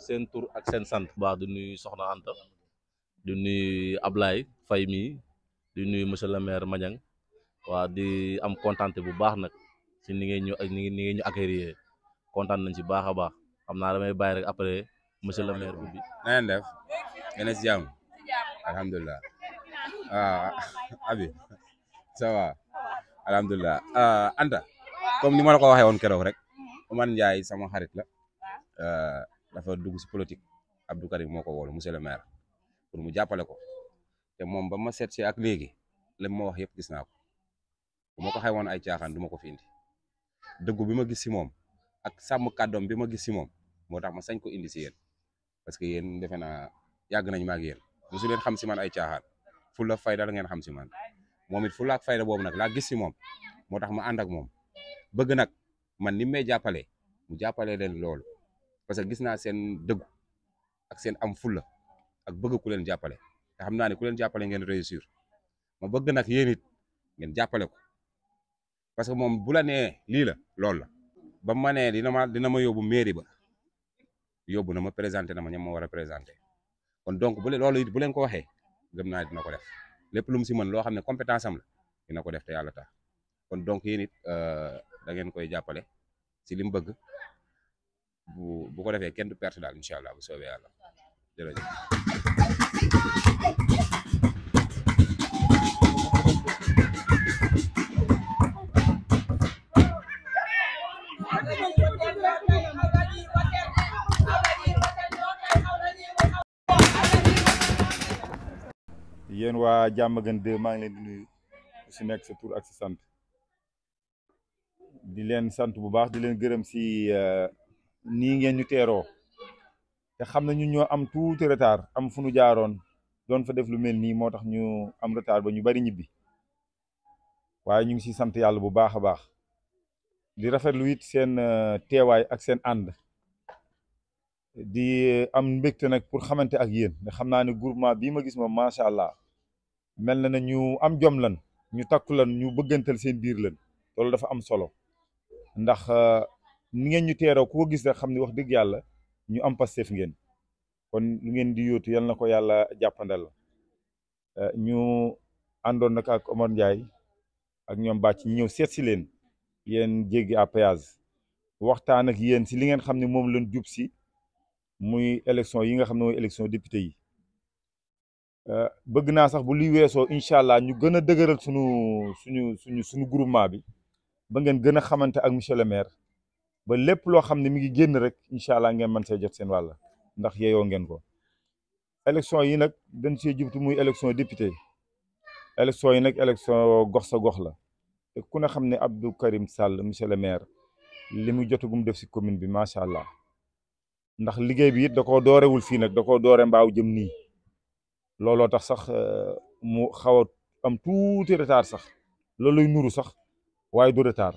seen tur ak seen sant baax di nuyu Soxna Anta di nuyu Ablaye fay mii di nuy monsieur le maire Madiang waa di am kontaan bu baax nag si ni ngeen ñu ni ngeen kontaan nañ si baax a baax xam naa damay bàyyi rek après monsieur le maire bi. na ngeen def ngeen ne si jàmm alhamdulilah ah, abi ça va ah, Anta comme ni ma la ko waxee woon keroog rek Oumar Ndiaye sama xarit la. Ah, dafa dugg si politique Abdou Karim moo ko woolu monsieur le maire pour mu jàppale ko te moom ba ma seet si ak léegi li ma wax yëpp gis naa ko bu ma woon ay caaxaan duma ko fi indi bi ma gis si moom ak sàmm kàddoom bi ma gis si moom moo tax ma sañ ko indi si yéen parce que yéen defe naa yàgg nañ ma ak yéen mosu leen xam si man ay caaxaan la fayda la ngeen xam si man moom it fulla ak fayda boobu nag laa gis si moom moo tax ma ànd ak moom bëgg nag man ni may jàppale jàppale leen loolu parce que gis naa seen dëggu ak seen am fulla ak bëgg ku leen jàppale te xam naa ne ku leen jàppale ngeen réussir ma bëgg nag yéen it ngeen jàppale ko parce que moom bu la nee lii la loolu la ba ma nee dina ma dina ma yóbbu mairie ba yóbbu na ma présenté na ma ñam ma war a présenté kon donc bu loolu it bu leen ko waxee gëm naa dina ko def lépp lu mu si mën loo xam ne compétence am la dina ko def te yàlla tax kon donc yéen it euh, da ngeen koy jàppale si lim bëgg bu bu kenn du perte daal waa Diamaguène 2 maa ngi leen di nuyu nekk sa tur ak sa sant di leen sant bu baax di leen gërëm si euh, nii ngeen ñu teeroo te xam na ñu ñoo am tuuti retard am fu nu jaaroon doon fa def lu mel nii moo tax ñu am retard ba ñu bari ñibbi waaye ñu ngi siy sant yàlla bu baax a baax di rafetlu it seen euh, teewaay ak seen ànd di euh, am mbégte nag pour xamante ak yéen nga xam naa ne groupement bi ma gis moom macha allah mel na ne ñu am jom lan ñu takk lan ñu bëggantal seen biir lan loolu dafa am solo ndax euh, nu ngeen ñu teeroo ku ko gis rek xam ne wax dëgg yàlla ñu am Pastef ngeen kon lu ngeen di yóotu yal na ko yàlla jàppandal eh, ñu àndoon nag ak Omar Ndiaye ak ñoom bàcc ñu ñëw seet si leen yéen jéggi à péage waxtaan ak yéen si li ngeen xam ne moom lañ jub si muy élection yi nga xam ne mooy élection député yi eh, bëgg naa sax bu luy weesoo incha allah ñu gën a dëgëral suñu suñu suñu suñu groupement bi ba ngeen gën a xamante ak monsieur le maire ba lépp lo xamni mi ngi génn rek inshallah ngeen man sey jot seen walla ndax yeyo ngeen ko élection yi nak dañ see jubtu muy élection député élection yi nak élection gox sa gox la te ku ne xamni Abdou Karim Sall monsieur le maire limu mu jotagum def ci commune bi machallah ndax liggéey bi it dako koo wul fi nak dako koo doore mbaaw jëm ni lolo tax sax mu xawa am touti retard sax looluy nuru sax waye du retard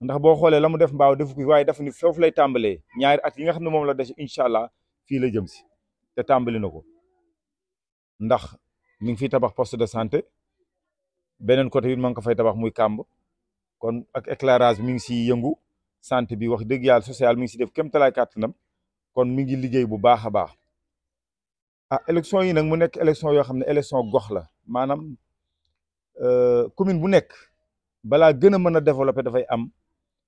ndax boo xoolee la mu def mbaaw defu ko waaye dafa ni foofu lay tàmbalee ñaari at yi nga xam ne moom la des incha allah fii la jëm si te tàmbali na ko ndax mi ngi fiy tabax poste de santé beneen côté bi ma ngi ko fay tabax muy kàmb kon ak éclairage mi ngi siy yëngu santé bi wax dëgg yàlla social mi ngi si def kem talaay kàttanam kon mi ngi liggéey bu baax a baax ah élection yi nag mu nekk élection yoo xam ne élection gox la maanaam euh, commune bu nekk balaa gën a mën a développer dafay am.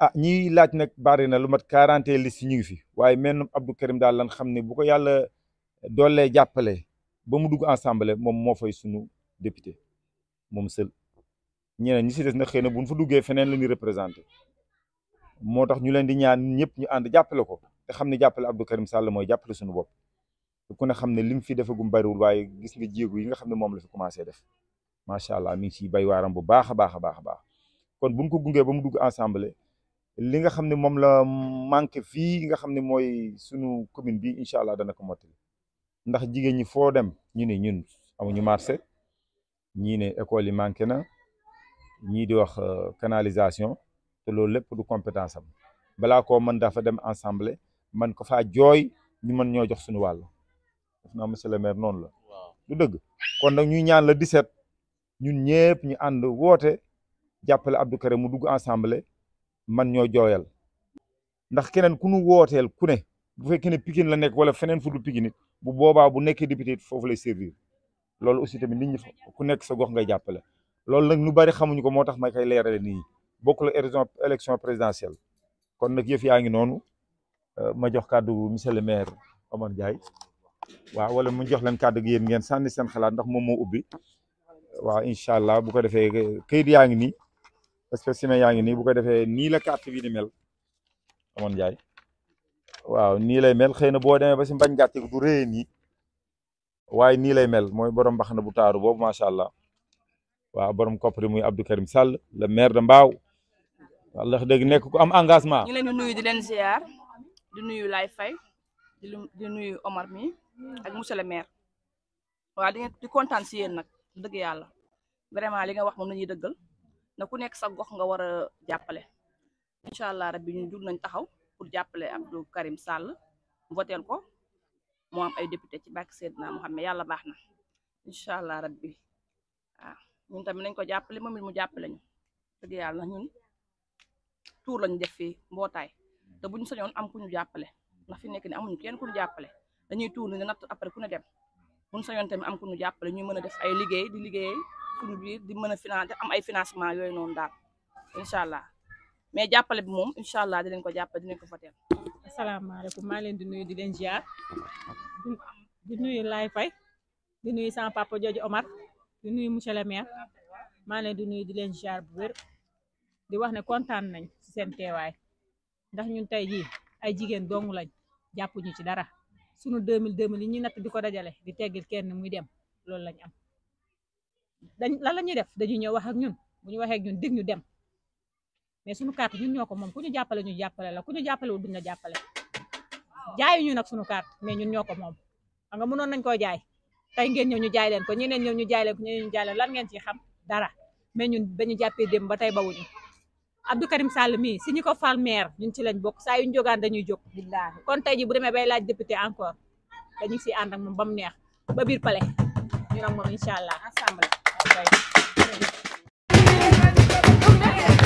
ah ñiy laaj nag bari na lu mat quarante liste ñu ngi fi waaye menn Abdou Karim daal lan xam ne bu ko yàlla doolee jàppale ba mu dugg ensemble moom moo fay sunu député moom seul ñeneen ñi si des na xëy na bu ñu fa duggee feneen la ñuy représenté moo tax ñu leen di ñaan ñëpp ñu ànd jàppale ko te xam ne jàppale Abdou Karim Sall mooy jàppale sunu bopp ku ne xam ne lim fi defagum bariwul waaye gis nga jéego yi nga xam ne moom la fi commencé def macha allah mi ngi ciy bay waaram bu baax a baax a baax a baax kon ba mu dugg ensemble li nga xam ne moom la manqué fii nga xam ne mooy sunu commune bi incha allah dana ko mottali ndax jigéen ñi foo dem ñu ne ñun amuñu marché ñii ne école yi manqué na ñii di wax euh, canalisation te loolu lépp du compétence am balaa ko man dafa dem ensemble man ko faa jooy ñu man ñoo jox suñu wàll def naa monsieur le maire noonu la du dëgg kon nag ñuy ñaan la 17 ñun ñëpp ñu ànd woote jàppale Abdou Karim mu dugg ensemble man ñoo jooyal ndax keneen ku nu wooteel ku ne bu fekkee ne Pikine la nekk wala feneen fu du Pikine bu boobaa bu nekkee député foofu lay servir loolu aussi tamit nit ñi ku nekk sa gox ngay jàppale loolu nag ñu bari xamuñu ko moo tax ma koy leerale nii bokkul élection présidentielle kon nag yëf yaa ngi noonu euh, ma jox kàddu monsieur le maire Omar Ndiaye waaw wala mu jox leen kàddu gi yéen ngeen sànni seen xalaat ndax moom moo ubbi waaw incha allah bu ko defee kayit yaa ngi nii spécimen yaa ngi nii bu ko defee nii la carte bi di mel amoon jaay waaw nii lay mel xëy na boo demee ba si mbañ gàtt bu rëy nii waaye nii lay mel mooy borom mbax na bu taaru boobu macha allah waaw borom koppari muy Abdou Karim Sall le maire de Mbao wax dëgg nekk ku am engagement. ñu leen di nuyu di leen ziar di nuyu Lay Fay di nuyu Omar mi ak monsieur le maire waaw di kontaan si yéen nag dëgg yàlla vraiment li nga wax moom la ñuy dëggal. na ku nekk sa gox nga war a jàppale incha allah rabbi ñu jur nañ taxaw pour jàppale Abdou Karim Sall voteel ko moo am ay député ci bàkki Seydina Mouhamed yàlla baax na incha allah rabbi waaw ñun tamit nañ ko jàppale moom mi mu jàppale ñu dëgg yàlla ñun tuur lañu def fi mbootaay te bu ñu sañoon am ku ñu jàppale ndax fi nekk ni amuñu kenn ku ñu jàppale dañuy tuur ni natt après ku ne dem bu ñu sañoon tamit am ku ñu jàppale ñuy mën a def ay liggéey di liggéey suñu biir di mën a financé am ay financement yooyu noonu daal incha allah mais jàppale bi moom incha di dinañ ko jàppale dinañ ko fotel foteel. asalaamaaleykum maa leen di nuyu di leen ziar di nuyu Laye fay di nuyu sama papa jooju Omar di nuyu monsieur le maire maa leen di nuyu di leen ziar bu wér di wax ne kontaan nañ ci seen teewaay ndax ñun tey jii ay jigéen dong lañ jàppuñu ci dara sunu 2000 2000 yi ñuy natt di ko dajale di teggil kenn muy dem loolu lañ am. dañ lan la ñuy def dañuy ñëw wax ak ñun bu ñu waxee ak ñun dig ñu dem mais suñu carte ñun ñoo ko moom ku ñu jàppale ñu jàppale la ku ñu jàppale wul duñ la jàppale jaayu ñu nag suñu carte mais ñun ñoo ko moom xam nga mënoon nañ koo jaay tey ngeen ñëw ñu jaay leen ko ñeneen ñëw ñu jaay leen ko ñeneen ñu jaay leen lan ngeen ci xam dara mais ñun dañu jàppee dem ba tey bawuñu Abdou Karim Sall mii si ñu ko fal maire ñun ci lañ bokk saa ñu jógaan dañuy jóg billaahi kon tey ji bu demee bay laaj député encore dañu si ànd ak moom ba mu neex ba biir palais ñu nag moom incha allah assemblée Bye.